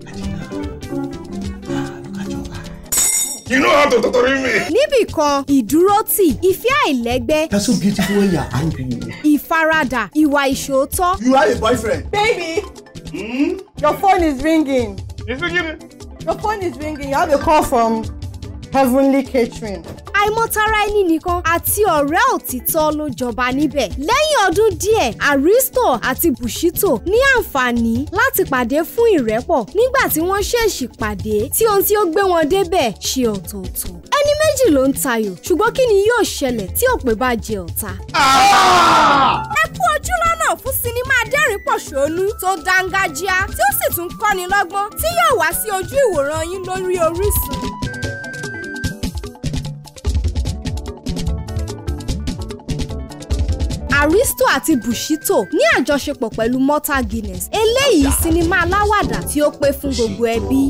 You know how to tọ́tọ́rí mi. Níbì kan, ìdúrótì, ìfẹ́ àìlẹ́gbẹ́. That's so beautiful when you are angry. Ìfaradà, ìwà ìṣòótọ́. You are a boyfriend. Baby, mm? your phone is ringing. Is it ringing? Your phone is ringing. You have a call from Heavenly Catering àìmọ̀tara ẹni nìkan àti ọ̀rẹ́ òtítọ́ ló jọba níbẹ̀. lẹ́yìn ọdún díẹ̀ Aristo àti Bushito ní àǹfààní láti pàdé fún ìrẹ́pọ̀ nígbà tí wọ́n ṣèèṣì pàdé tí ohun tí ó gbé wọn débẹ̀ ṣe ọ̀tọ̀ọ̀tọ̀. ẹni méjì ló ń tayò ṣùgbọ́n kí ni yóò ṣẹlẹ̀ tí òpè bá jẹ ọ̀tá. Ah! ẹ kú ojú lọ́nà fún sinimá dẹ́rìn pọ̀ṣónú tó dángájíá tí ó sì tún kọ́ni lọ́gbọ́n tí yóò wá sí ojú ìwòran yín lórí Orísun. Aristo àti Bushito ní àjọṣepọ̀ pẹ̀lú Malta Guinness eléyìí sinimá aláwàdà tí ó pé fún gbogbo ẹbí.